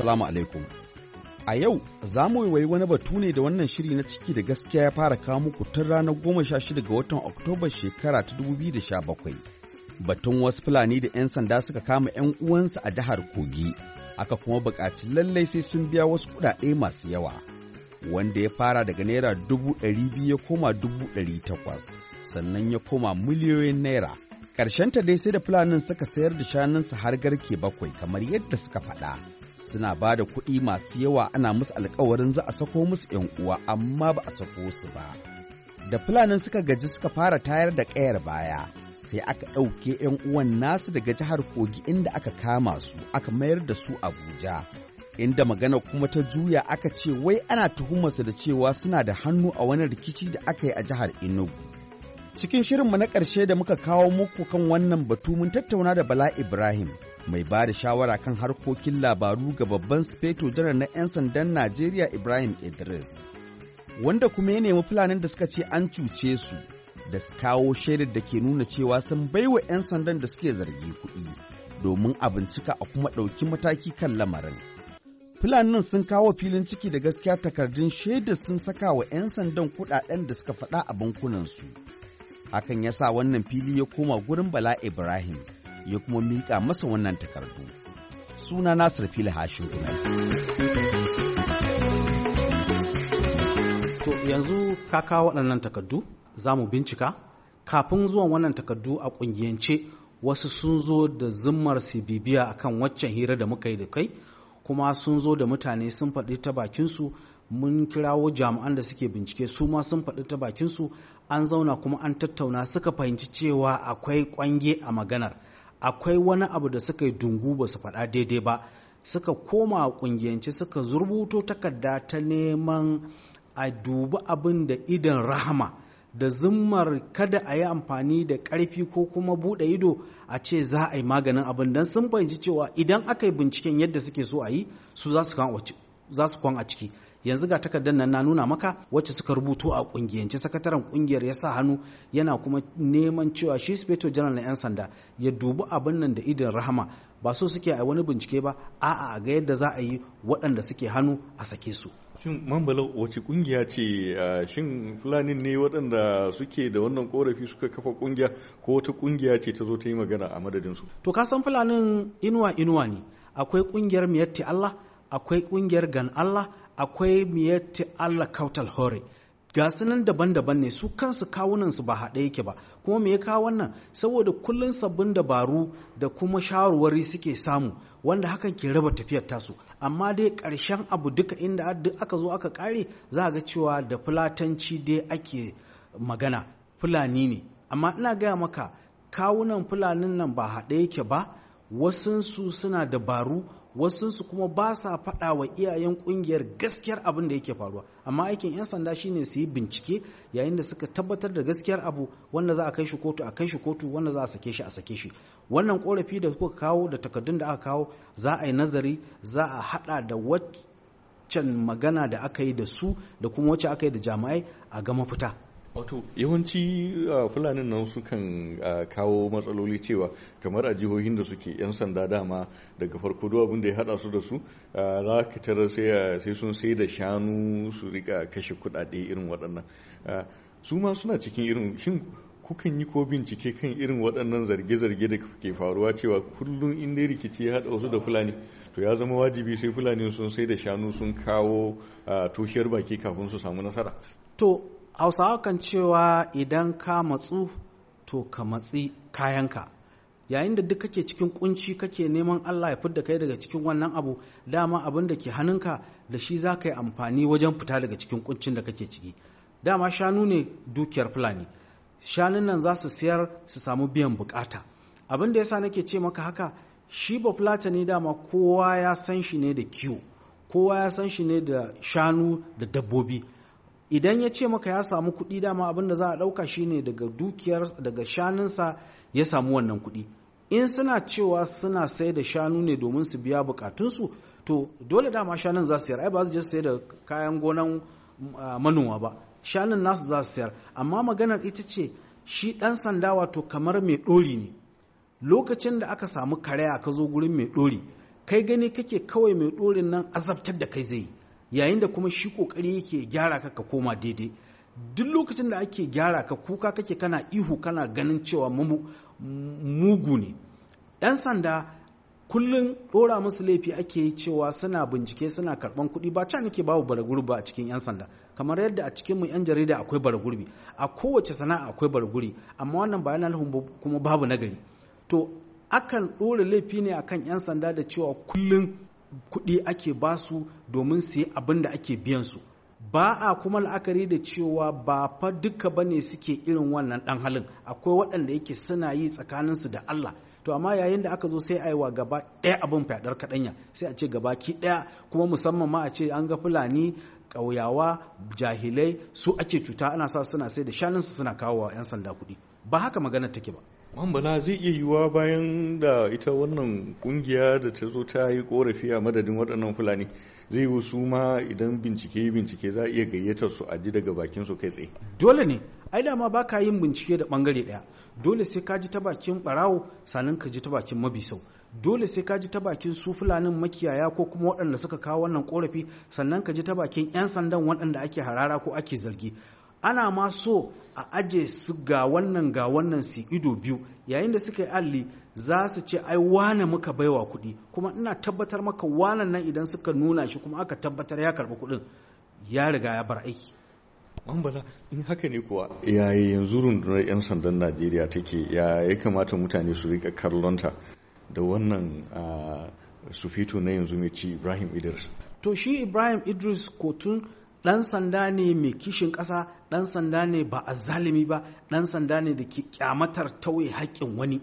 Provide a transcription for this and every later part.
Assalamu alaikum. A yau za mu yi wani batu ne da wannan shiri na ciki da gaskiya ya fara kawo muku tun ranar goma sha shida ga watan Oktoba shekara ta dubu biyu da sha bakwai. Batun wasu Fulani da 'yan sanda suka kama 'yan uwansa a jihar Kogi, aka kuma buƙaci lallai sai sun biya wasu kuɗaɗe masu yawa. Wanda ya fara daga naira dubu ɗari biyu ya koma dubu ɗari takwas, sannan ya koma miliyoyin naira. Ƙarshenta dai sai da Fulanin suka sayar da shanunsa har garke bakwai kamar yadda suka faɗa. suna ba da kuɗi masu yawa ana musu alkawarin za a sako musu 'yan uwa amma ba a sako su ba. Da fulanin suka gaji suka fara tayar da ƙayar baya, sai aka ɗauke 'yan uwan nasu daga jihar Kogi inda aka kama su, aka mayar da su Abuja. Inda magana kuma ta juya aka ce wai ana tuhumarsa da cewa suna da hannu a wani rikici da aka yi a jihar Enugu. Cikin shirin mu na ƙarshe da muka kawo muku kan wannan batu mun tattauna da Bala Ibrahim, mai ba da shawara kan harkokin labaru ga babban sufeto janar na 'yan sandan Najeriya Ibrahim Idris. Wanda kuma ya nemi fulanin da suka ce an cuce su da su kawo shaidar da ke nuna cewa sun baiwa 'yan sandan da suke zargi kuɗi domin a bincika a kuma ɗauki mataki kan lamarin. Fulanin sun kawo filin ciki da gaskiya takardun shaidar sun saka wa 'yan sandan kuɗaɗen da suka faɗa a bankunansu. Hakan ya sa wannan fili ya koma gurin Bala Ibrahim. ya kuma miƙa masa wannan takardu. Suna Nasir Fili Hashin To yanzu ka kawo waɗannan takardu za mu bincika kafin zuwan wannan takardu a ƙungiyance wasu sun zo da zimmar su bibiya kan waccan hira da muka yi da kai kuma sun zo da mutane sun faɗi ta bakinsu mun kirawo jami'an da suke bincike su ma sun faɗi ta bakinsu an zauna kuma an tattauna suka fahimci cewa akwai ƙwange a maganar akwai wani abu da suka yi dungu ba su faɗa daidai ba suka koma kungiyanci suka zurbuto takarda ta neman a dubi abin da idan rahama da zimmar kada a yi amfani da ƙarfi ko kuma buɗe ido a ce za a yi maganin abin don sun fahimci cewa idan aka yi binciken yadda suke so a yi su za su kwan a ciki yanzu ga takardar nan na nuna maka wacce suka rubuto a kungiyance sakataren kungiyar ya sa hannu yana kuma neman cewa shi speto general na yan sanda ya dubi abin nan da idan rahama ba so suke a wani bincike ba a'a a ga yadda za a yi waɗanda suke hannu a sake su shin mambalau wace kungiya ce shin fulani ne waɗanda suke da wannan korafi suka kafa kungiya ko wata kungiya ce ta zo ta yi magana a madadin su to ka san fulanin inuwa inuwa ne akwai kungiyar miyatti Allah akwai kungiyar gan Allah akwai miyatti Allah kautal hore gasunan nan daban-daban ne su kansu kawunan su ba haɗe yake ba kuma me ya kawo wannan saboda kullun sabbin dabaru da kuma shawarwari suke samu wanda hakan ke raba tafiyar tasu amma dai ƙarshen abu duka inda aka zo aka kare za ga cewa da fulatanci dai ake magana fulani ne amma ina gaya maka kawunan fulanin nan ba haɗe yake ba wasunsu suna dabaru wasunsu kuma ba sa faɗa wa iyayen ƙungiyar gaskiyar abin da yake faruwa amma aikin 'yan sanda shine su yi bincike yayin da suka tabbatar da gaskiyar abu wanda za a kai shi kotu a kai shi kotu wanda za a sake shi a sake shi wannan korafi da kuka kawo da takardun da aka kawo za a yi nazari za a haɗa da waccan magana da aka yi da su da kuma wacce aka yi da jami'ai a ga mafita wato yawanci fulanin nan sukan kawo matsaloli cewa kamar a jihohin da suke 'yan sanda dama daga farko duk abin da ya hada su da su za ka tarar sai sun sai da shanu su rika kashe kudade irin waɗannan su ma suna cikin irin shin kukan yi ko bincike kan irin waɗannan zarge-zarge da ke faruwa cewa kullum in dai rikici ya hada wasu da fulani to ya zama wajibi sai fulani sun sai da shanu sun kawo toshiyar baki kafin su samu nasara to hausawa kan cewa idan ka matsu to ka matsi kayanka yayin da duk kake cikin kunci kake neman Allah ya fidda kai daga cikin wannan abu dama abin da ke hannunka da shi za ka yi amfani wajen fita daga cikin kuncin da kake ciki dama shanu ne dukiyar fulani shanun nan za su siyar su samu biyan bukata abin da yasa nake ce maka haka shi ba fulata ne dama kowa ya san shi ne da kiwo kowa ya san shi ne da shanu da dabbobi idan ya ce maka ya samu kuɗi dama abin da za a ɗauka shine daga dukiyar daga shanunsa ya samu wannan kuɗi in suna cewa suna sayar da shanu ne domin su biya bukatunsu to dole dama shanun za su sayar ai ba su je sai da kayan gonan manoma ba shanun nasu za su sayar amma maganar ita ce shi ɗan sanda wato kamar mai ɗori ne lokacin da aka samu karaya ka zo gurin mai ɗori kai gani kake kawai mai ɗorin nan azabtar da kai zai yi yayin da kuma shi kokari yake gyara ka ka koma daidai duk lokacin da ake gyara ka kuka kake kana ihu kana ganin cewa mugu ne yan sanda kullum dora musu laifi ake cewa suna bincike suna karban kuɗi ba can nake babu baragurbi a cikin 'yan sanda kamar yadda a cikin mu 'yan jarida akwai baragurbi a kowace sana'a akwai baraguri amma wannan bayan alhun kuma babu nagari to akan ɗora laifi ne akan 'yan sanda da cewa kullum kuɗi ake ba su domin su yi abin da ake biyan su ba a kuma la'akari da cewa ba fa duka ba ne suke irin wannan ɗan halin akwai waɗanda yake suna yi tsakaninsu da Allah to amma yayin da aka zo sai aiwa gaba ɗaya abin fyaɗar kaɗanya sai a ce gaba ki ɗaya kuma musamman ma a ce an ga fulani ƙauyawa jahilai su ake cuta ana sa suna sai da shanunsu suna kawo wa 'yan sanda kuɗi ba haka magana take ba bala zai iya yiwuwa bayan da ita wannan kungiya da ta zo ta yi korafi a madadin waɗannan fulani zai yi su ma idan bincike bincike za a iya gayyatar su a ji daga bakin su kai tsaye. Dole ne, ai dama ba ka yin bincike da bangare ɗaya. Dole sai ka ji ta bakin ɓarawo sannan ka ji ta bakin mabisau. Dole sai ka ji ta bakin su fulanin makiyaya ko kuma waɗanda suka kawo wannan korafi sannan ka ji ta bakin 'yan sandan waɗanda ake harara ko ake zargi. ana ma so a aje su ga wannan ga wannan su ido biyu yayin da suka yi alli za su ce ai wane muka baiwa kuɗi kuma ina tabbatar maka wanan nan idan suka nuna shi kuma aka tabbatar ya karɓi kuɗin ya riga ya bar aiki bambala in haka ne kuwa yayi yanzu rundunar 'yan sandan najeriya take ya ya kamata mutane su rika kallonta da wannan sufito na yanzu mai ci ibrahim idris to shi ibrahim idris kotun ɗan sanda ne mai kishin ƙasa ɗan sanda ne ba a zalimi ba ɗan sanda ne da ke kyamatar tauye haƙƙin wani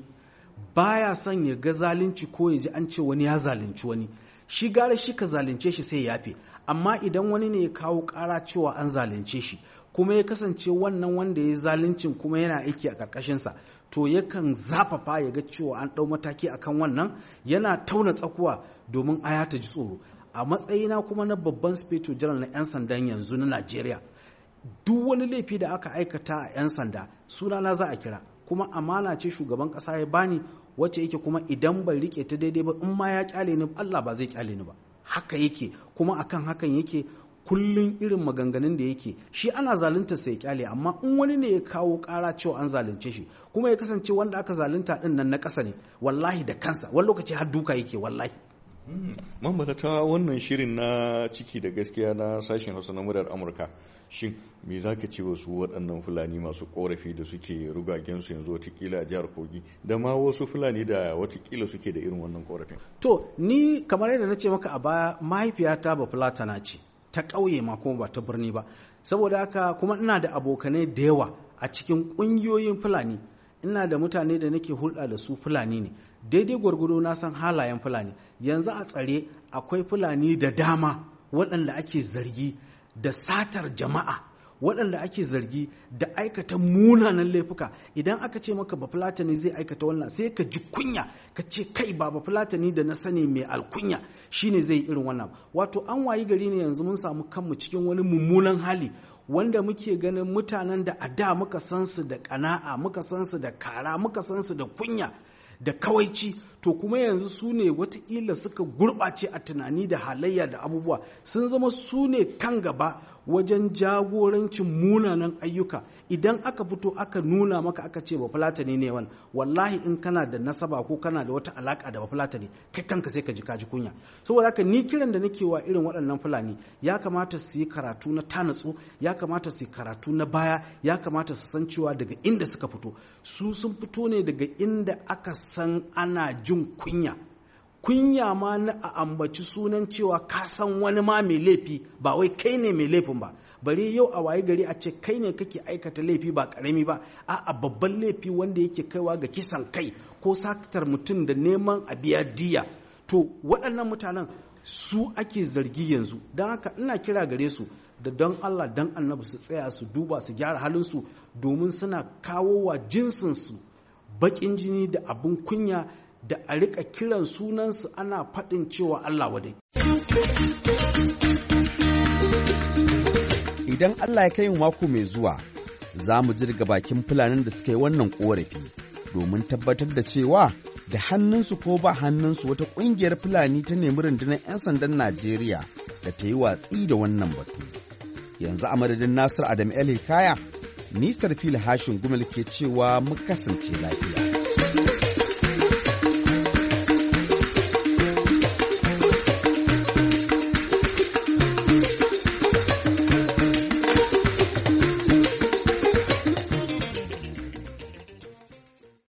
baya son ya ga zalunci ko ya ji an ce wani ya zalunci wani shi gara shi ka zalunce shi sai yafe amma idan wani ne ya kawo ƙara cewa an zalunce shi kuma ya kasance wannan wanda ya zaluncin kuma yana aiki a ƙarƙashinsa to yakan zafafa ya ga cewa an ɗau mataki akan wannan yana tauna tsakuwa domin aya ta ji tsoro a matsayina kuma na babban spiritual general na 'yan sandan yanzu na najeriya duk wani laifi da aka aikata a 'yan sanda sunana za a kira kuma amana ce shugaban kasa ya bani wacce yake kuma idan bai rike ta daidai ba in ma ya kyale ni Allah ba zai kyale ni ba haka yake kuma akan hakan yake kullun irin maganganun da yake shi ana zalunta sai ya kyale amma in wani ne ya kawo kara cewa an zalunce shi kuma ya kasance wanda aka zalunta din nan na kasa ne wallahi da kansa wani lokaci har duka yake wallahi ta wannan shirin na ciki da gaskiya na sashen hausa na murar amurka shin me za ka ce wasu waɗannan fulani masu korafi da suke rugagensu yanzu watakila jihar kogi da ma wasu fulani da watakila suke da irin wannan korafin to ni kamar yadda na ce maka a baya mahaifiyata ba fulatana ce ta ƙauye ma kuma ba ta birni ba saboda haka kuma ina da abokanai da yawa a cikin ƙungiyoyin fulani ina da mutane da nake hulɗa da su fulani ne daidai gwargwado na san halayen fulani yanzu a tsare akwai fulani da dama waɗanda ake zargi da satar jama'a waɗanda ake zargi da aikata munanan laifuka idan aka ce maka ba fulatani zai aikata wannan sai ka ji kunya ka ce kai ba ba fulatani da na sani mai alkunya shine zai irin wannan wato an wayi gari ne yanzu mun samu kanmu cikin wani mummunan hali wanda muke ganin mutanen da a da muka san su da kana'a muka san su da kara muka san su da kunya da kawaici to kuma yanzu su ne watakila suka gurɓace a tunani da halayya da abubuwa sun zama su ne kan gaba wajen jagorancin munanan ayyuka idan aka fito aka nuna maka aka ce ba ne wani wallahi in kana da nasaba ko kana da wata alaka da ba kai kanka sai ka ji kaji kunya saboda haka ni kiran da nake wa irin waɗannan fulani ya kamata su yi karatu na tanatsu ya kamata su yi karatu na baya ya kamata su san cewa daga inda suka fito su sun fito ne daga inda aka san ana jin kunya kunya ma na a ambaci sunan cewa ka san wani ma mai laifi ba wai kai ne mai laifin ba bare yau a waye gari a ce kai ne kake aikata laifi ba karami ba a babban laifi wanda yake kaiwa ga kisan kai ko satar mutum da neman a biya diya to waɗannan mutanen su ake zargi yanzu don haka ina kira gare su da don Allah don annabi su tsaya su duba su gyara halinsu domin suna kawo wa jinsinsu baƙin jini da abin kunya da a riƙa kiran sunansu ana faɗin cewa Allah wadai. idan Allah ya kai mako mai zuwa za mu jirga bakin fulanin da suka yi wannan korafi domin tabbatar da cewa da hannunsu ko ba hannunsu wata ƙungiyar fulani ta nemi rundunar 'yan sandan Najeriya da ta yi watsi da wannan batu. Yanzu a madadin Nasir Adam El Hikaya, nisar fili hashin gumel ke cewa mu kasance lafiya.